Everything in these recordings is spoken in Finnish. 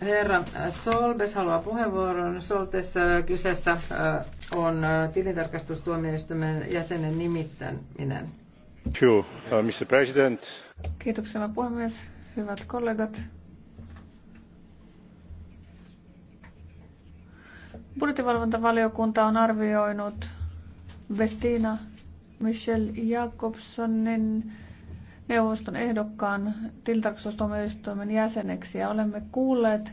Herra Solbes haluaa puheenvuoron. Soltessa äh, kyseessä äh, on äh, tilintarkastustuomioistuimen jäsenen nimittäminen. Uh, Mr. Kiitoksia puhemies. Hyvät kollegat. Budjettivalvontavaliokunta on arvioinut Bettina Michelle Jacobsonin neuvoston ehdokkaan tiltarksustuomioistuimen jäseneksi ja olemme kuulleet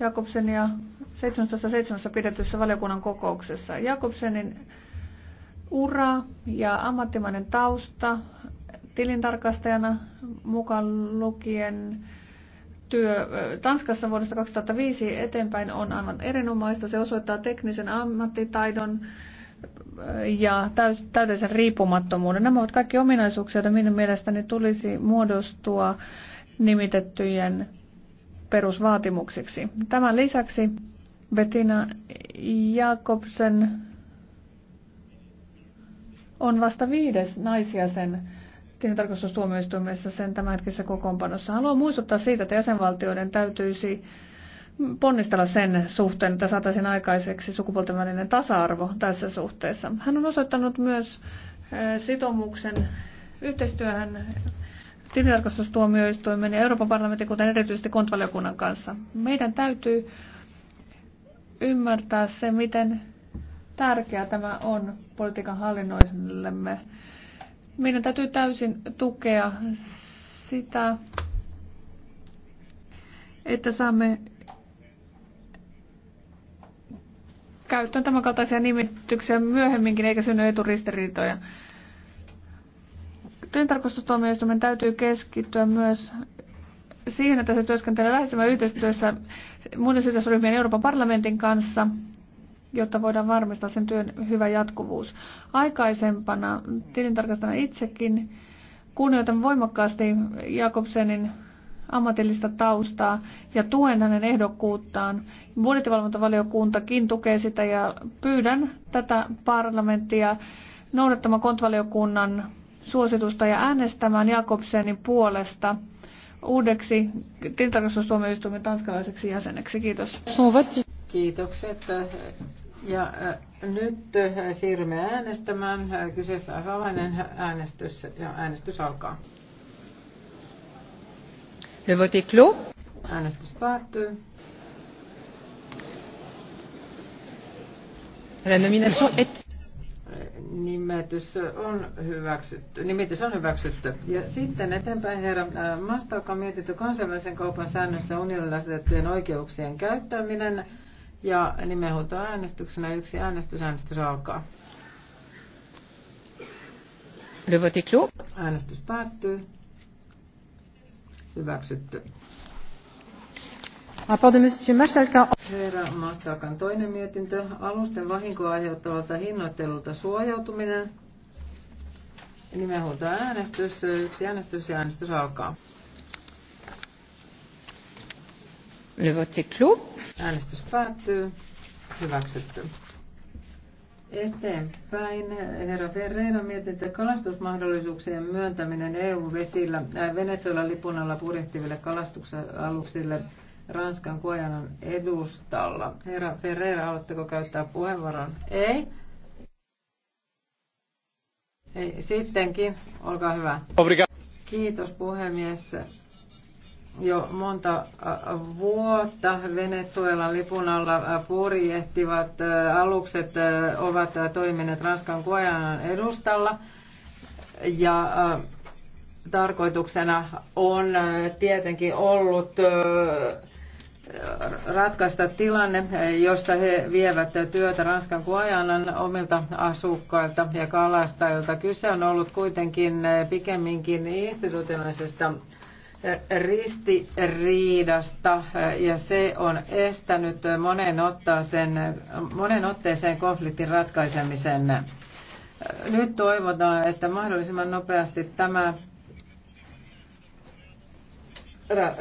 Jakobsen ja 17.7. pidetyssä valiokunnan kokouksessa. Jakobsenin ura ja ammattimainen tausta tilintarkastajana mukaan lukien työ Tanskassa vuodesta 2005 eteenpäin on aivan erinomaista. Se osoittaa teknisen ammattitaidon ja täydellisen riippumattomuuden. Nämä ovat kaikki ominaisuuksia, joita minun mielestäni tulisi muodostua nimitettyjen perusvaatimuksiksi. Tämän lisäksi Bettina Jakobsen on vasta viides naisia sen tarkastustuomioistuimessa sen tämänhetkisessä kokoonpanossa. Haluan muistuttaa siitä, että jäsenvaltioiden täytyisi ponnistella sen suhteen, että saataisiin aikaiseksi sukupuolten välinen tasa-arvo tässä suhteessa. Hän on osoittanut myös eh, sitoumuksen yhteistyöhön tilintarkastustuomioistuimen ja Euroopan parlamentin, kuten erityisesti kontvaliokunnan kanssa. Meidän täytyy ymmärtää se, miten tärkeää tämä on politiikan hallinnoisillemme. Meidän täytyy täysin tukea sitä, että saamme käyttöön tämänkaltaisia nimityksiä myöhemminkin, eikä synny eturistiriitoja. Tyyntarkastustuomioistuimen täytyy keskittyä myös siihen, että se työskentelee läheisemmän yhteistyössä muiden sidosryhmien Euroopan parlamentin kanssa, jotta voidaan varmistaa sen työn hyvä jatkuvuus. Aikaisempana tilintarkastana itsekin kunnioitan voimakkaasti Jakobsenin ammatillista taustaa ja tuen hänen ehdokkuuttaan. Budjettivalvontavaliokuntakin tukee sitä ja pyydän tätä parlamenttia noudattamaan kontvaliokunnan suositusta ja äänestämään Jakobsenin puolesta uudeksi tilintarkastustuomioistuimen tanskalaiseksi jäseneksi. Kiitos. Kiitokset. Ja äh, nyt äh, siirrymme äänestämään. Äh, kyseessä on salainen äänestys ja äänestys alkaa. Le vote est clos. Äänestys päättyy. La nomination est... Nimitys on hyväksytty. Nimitys on hyväksytty. Ja sitten eteenpäin herra äh, Mastaukan mietitty kansainvälisen kaupan säännössä unionilla asetettujen oikeuksien käyttäminen. Ja äänestyksenä yksi äänestys. Äänestys alkaa. Le vote est clos. Äänestys päättyy. Hyväksytty. Herra Mastakan toinen mietintö. Alusten vahinkoa aiheuttavalta hinnoittelulta suojautuminen. Nimenhuolta äänestys. Yksi äänestys ja äänestys alkaa. Le vote Äänestys päättyy. Hyväksytty eteenpäin. Herra Ferreira mietintö kalastusmahdollisuuksien myöntäminen EU-vesillä äh, Venezuelan lipun alla purjehtiville kalastusaluksille Ranskan Kuojanan edustalla. Herra Ferreira, haluatteko käyttää puheenvuoron? Ei. Ei, sittenkin, olkaa hyvä. Obrigado. Kiitos puhemies jo monta vuotta Venezuelan lipun alla purjehtivat alukset ovat toimineet Ranskan Guajanan edustalla ja tarkoituksena on tietenkin ollut ratkaista tilanne, jossa he vievät työtä Ranskan Guajanan omilta asukkailta ja kalastajilta. Kyse on ollut kuitenkin pikemminkin institutionaalisesta ristiriidasta ja se on estänyt monen, sen, monen otteeseen konfliktin ratkaisemisen. Nyt toivotaan, että mahdollisimman nopeasti tämä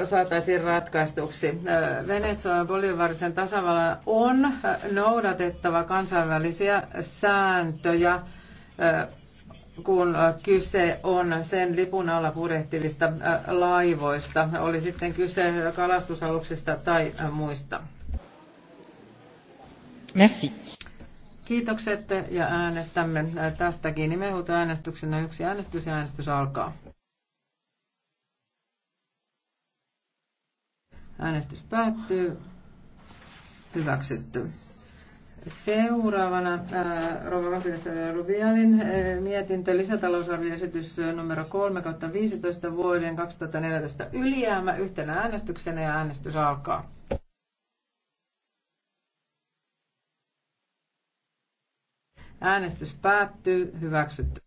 saataisiin ratkaistuksi. Venezuelan Bolivarisen tasavallan on noudatettava kansainvälisiä sääntöjä kun äh, kyse on sen lipun alla purehtivista äh, laivoista, oli sitten kyse kalastusaluksista tai äh, muista. Merci. Kiitokset ja äänestämme tästäkin äänestyksenä Yksi äänestys ja äänestys alkaa. Äänestys päättyy. Hyväksytty. Seuraavana äh, Rova Rohvilas Rubialin äh, mietintö lisätalousarvioesitys äh, numero 3 kautta 15 vuoden 2014 ylijäämä yhtenä äänestyksenä ja äänestys alkaa. Äänestys päättyy. Hyväksytty.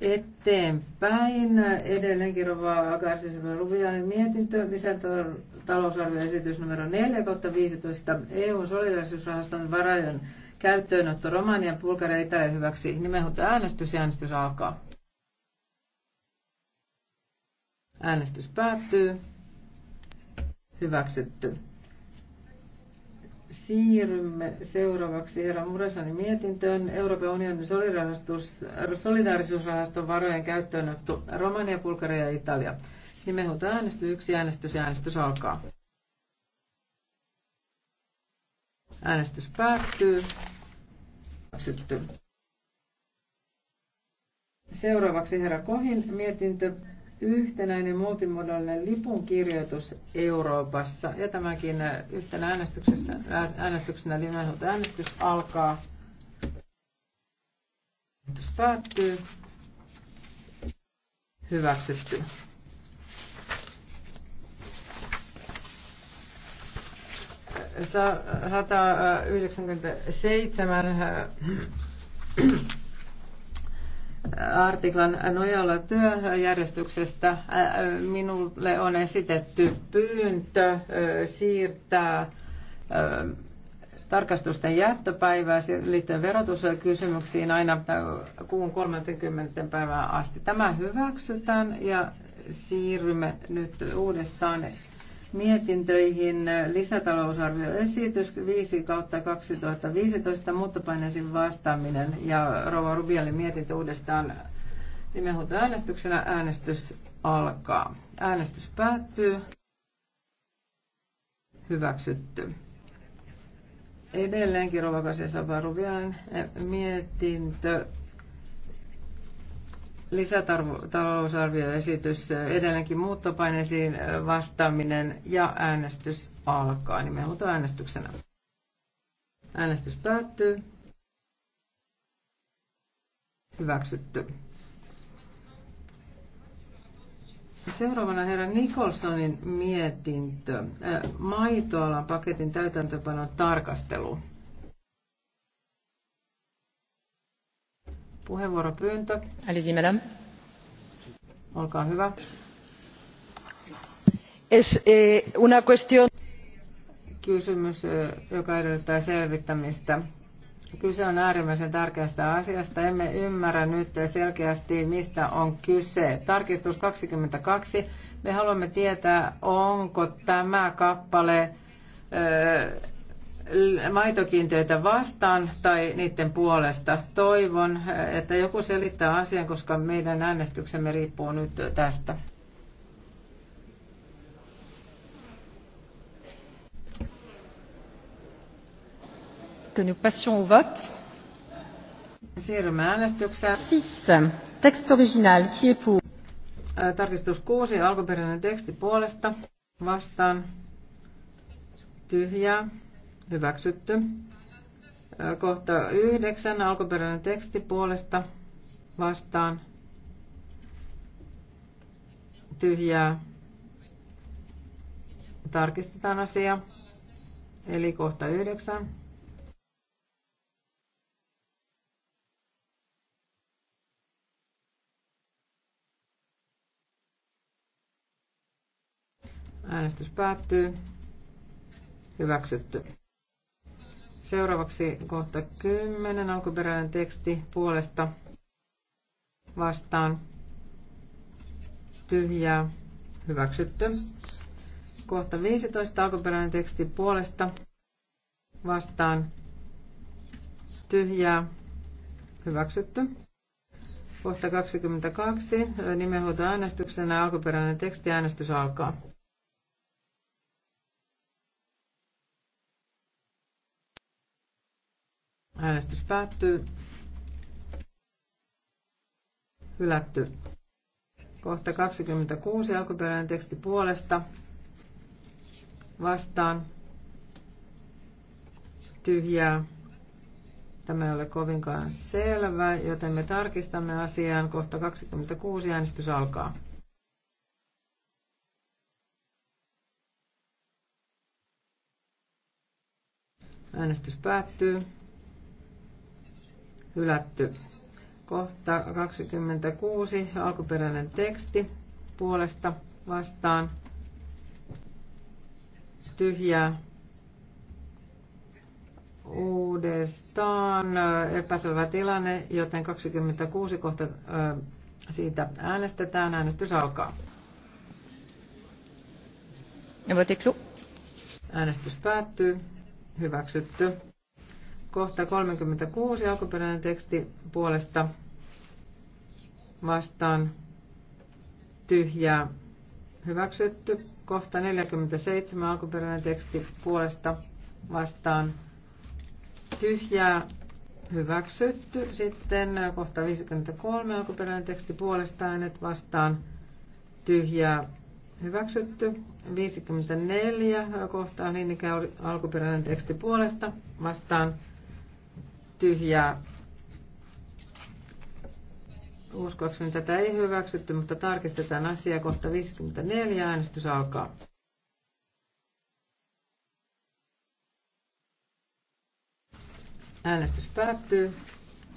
Eteenpäin. Edelleenkin Rova Akarsisova Luviainen mietintö, lisätalousarvioesitys numero 4 kautta 15, EUn solidarisuusrahaston varojen käyttöönotto Romanian, Bulgarian ja Italian hyväksi. Nimenhuuto äänestys ja äänestys alkaa. Äänestys päättyy. Hyväksytty siirrymme seuraavaksi herra Muresanin mietintöön. Euroopan unionin solidaarisuusrahaston varojen käyttöönotto Romania, Bulgaria ja Italia. Nimenhuuto äänestys, yksi äänestys ja äänestys alkaa. Äänestys päättyy. Hyväksytty. Seuraavaksi herra Kohin mietintö yhtenäinen multimodaalinen lipun kirjoitus Euroopassa. Ja tämäkin yhtenä äänestyksessä, äänestyksenä eli niin äänestys alkaa. Äänestys päättyy. Hyväksytty. Sa- 197 artiklan nojalla työjärjestyksestä minulle on esitetty pyyntö siirtää tarkastusten jättöpäivää liittyen verotuskysymyksiin aina kuun 30. päivään asti. Tämä hyväksytään ja siirrymme nyt uudestaan mietintöihin lisätalousarvioesitys 5 kautta 2015 muuttopaineisiin vastaaminen ja Rova Rubialin mietintö uudestaan äänestyksenä Äänestys alkaa. Äänestys päättyy. Hyväksytty. Edelleenkin Rova Kasia Rubialin mietintö lisätalousarvioesitys, edelleenkin muuttopaineisiin vastaaminen ja äänestys alkaa äänestyksenä. Äänestys päättyy. Hyväksytty. Seuraavana herra Nicholsonin mietintö. Äh, maitoalan paketin täytäntöpanon tarkastelu. Puheenvuoropyyntö. Allez-y, madame. Olkaa hyvä. Es eh, una cuestión... Kysymys, eh, joka edellyttää selvittämistä. Kyse on äärimmäisen tärkeästä asiasta. Emme ymmärrä nyt selkeästi, mistä on kyse. Tarkistus 22. Me haluamme tietää, onko tämä kappale ö, eh, maitokiintiöitä vastaan tai niiden puolesta. Toivon, että joku selittää asian, koska meidän äänestyksemme riippuu nyt tästä. que nous passions au vote. Siirrymme äänestykseen. Siis, Texte original. Qui est pour? Tarkistus 6. Alkuperäinen teksti puolesta. Vastaan. Tyhjää. Hyväksytty. Kohta yhdeksän, alkuperäinen teksti puolesta vastaan. Tyhjää. Tarkistetaan asia. Eli kohta yhdeksän. Äänestys päättyy. Hyväksytty. Seuraavaksi kohta 10, alkuperäinen teksti puolesta vastaan tyhjää hyväksytty. Kohta 15, alkuperäinen teksti puolesta vastaan tyhjää hyväksytty. Kohta 22, nimenhuutoäänestyksenä alkuperäinen teksti, äänestys alkaa. Äänestys päättyy. Hylätty. Kohta 26 alkuperäinen teksti puolesta. Vastaan. Tyhjää. Tämä ei ole kovinkaan selvä, joten me tarkistamme asiaan. Kohta 26 äänestys alkaa. Äänestys päättyy hylätty. Kohta 26, alkuperäinen teksti puolesta vastaan tyhjää uudestaan epäselvä tilanne, joten 26 kohta siitä äänestetään. Äänestys alkaa. Äänestys päättyy. Hyväksytty. Kohta 36 alkuperäinen teksti puolesta vastaan tyhjää hyväksytty. Kohta 47 alkuperäinen teksti puolesta vastaan tyhjää hyväksytty. Sitten kohta 53 alkuperäinen teksti puolesta äänet vastaan tyhjää hyväksytty. 54 kohtaa niin ikään alkuperäinen teksti puolesta vastaan tyhjää. Uskoakseni tätä ei hyväksytty, mutta tarkistetaan asiaa kohta 54. Äänestys alkaa. Äänestys päättyy.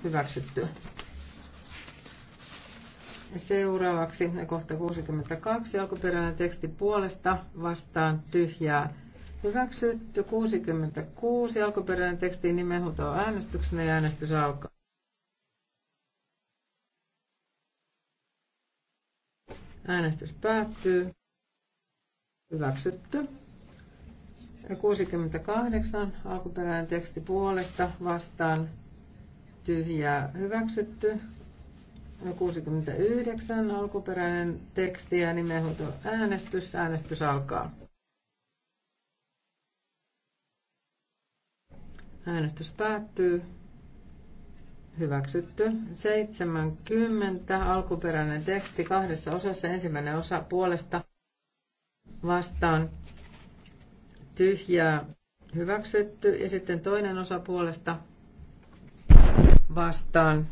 Hyväksytty. Seuraavaksi kohta 62 alkuperäinen teksti puolesta vastaan tyhjää Hyväksytty 66. Alkuperäinen teksti nimenhuuto on äänestyksenä ja äänestys alkaa. Äänestys päättyy. Hyväksytty. 68. Alkuperäinen teksti puolesta vastaan tyhjää hyväksytty. 69. Alkuperäinen teksti ja nimenhuuto äänestys. Äänestys alkaa. Äänestys päättyy. Hyväksytty. 70. Alkuperäinen teksti kahdessa osassa. Ensimmäinen osa puolesta vastaan tyhjää hyväksytty. Ja sitten toinen osa puolesta vastaan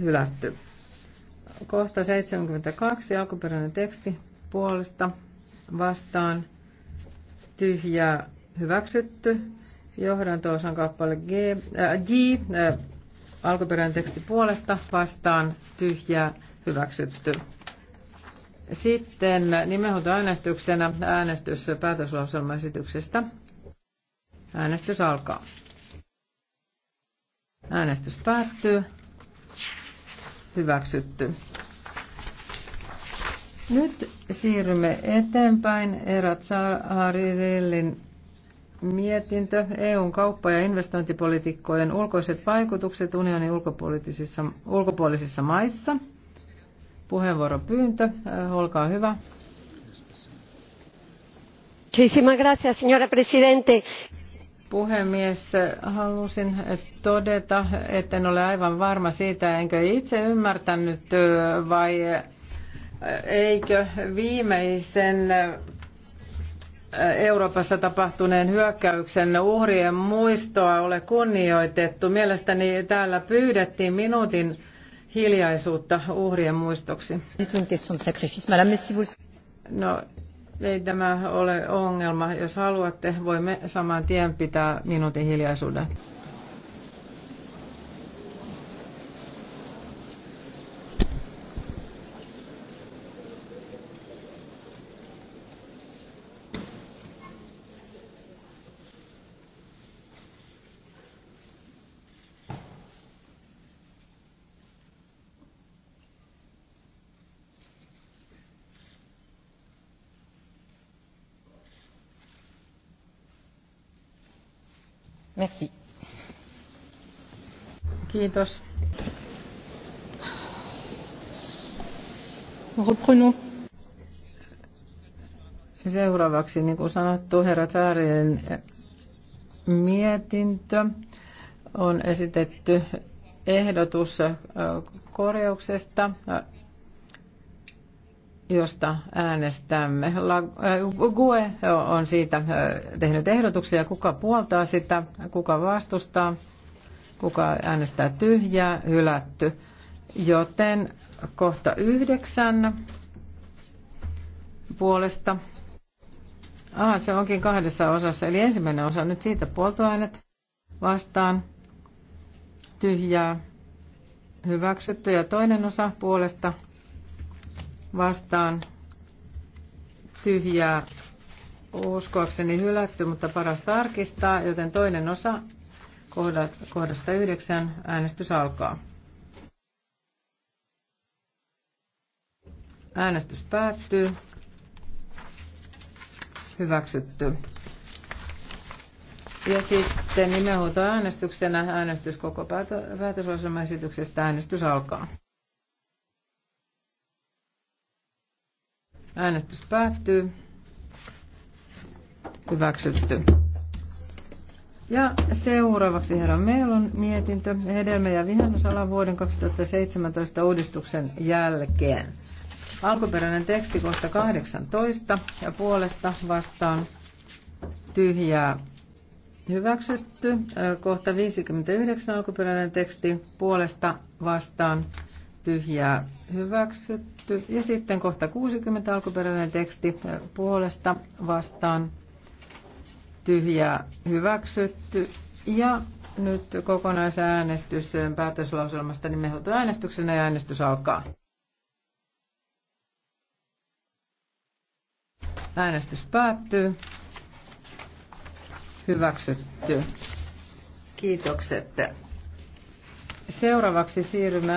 hylätty. Kohta 72. Alkuperäinen teksti puolesta vastaan tyhjää hyväksytty. Johdantoosan kappale G, äh, G äh, alkuperäinen teksti puolesta vastaan tyhjää hyväksytty. Sitten nimenhuutoäänestyksenä äänestys päätöslauselmaesityksestä. Äänestys alkaa. Äänestys päättyy. Hyväksytty. Nyt siirrymme eteenpäin Erat Saaririllin mietintö EUn kauppa- ja investointipolitiikkojen ulkoiset vaikutukset unionin ulkopuolisissa, ulkopuolisissa maissa. Puheenvuoropyyntö, äh, olkaa hyvä. Muchísimas gracias, señora presidente puhemies, halusin todeta, että en ole aivan varma siitä, enkö itse ymmärtänyt äh, vai äh, eikö viimeisen Euroopassa tapahtuneen hyökkäyksen uhrien muistoa ole kunnioitettu. Mielestäni täällä pyydettiin minuutin hiljaisuutta uhrien muistoksi. No, ei tämä ole ongelma. Jos haluatte, voimme saman tien pitää minuutin hiljaisuuden. Merci. Kiitos. Reprenons. Seuraavaksi, niin kuin sanottu, herra Saarinen mietintö on esitetty ehdotus korjauksesta josta äänestämme. Äh, GUE on siitä äh, tehnyt ehdotuksia, kuka puoltaa sitä, kuka vastustaa, kuka äänestää tyhjää, hylätty. Joten kohta yhdeksän puolesta. Aha, se onkin kahdessa osassa. Eli ensimmäinen osa nyt siitä puoltoäänet vastaan. Tyhjää. Hyväksytty. Ja toinen osa puolesta vastaan tyhjää uskoakseni hylätty, mutta paras tarkistaa, joten toinen osa kohdasta yhdeksän äänestys alkaa. Äänestys päättyy. Hyväksytty. Ja sitten nimenhuutoäänestyksenä äänestys koko päätösosamaisityksestä äänestys alkaa. Äänestys päättyy. Hyväksytty. Ja seuraavaksi herra Meilun mietintö hedelmä- ja vihannusalan vuoden 2017 uudistuksen jälkeen. Alkuperäinen teksti kohta 18 ja puolesta vastaan tyhjää hyväksytty. Kohta 59 alkuperäinen teksti puolesta vastaan tyhjä hyväksytty. Ja sitten kohta 60 alkuperäinen teksti puolesta vastaan tyhjä hyväksytty. Ja nyt kokonaisäänestys päätöslauselmasta nimenhuuto niin äänestyksenä ja äänestys alkaa. Äänestys päättyy. Hyväksytty. Kiitokset. Seuraavaksi siirrymme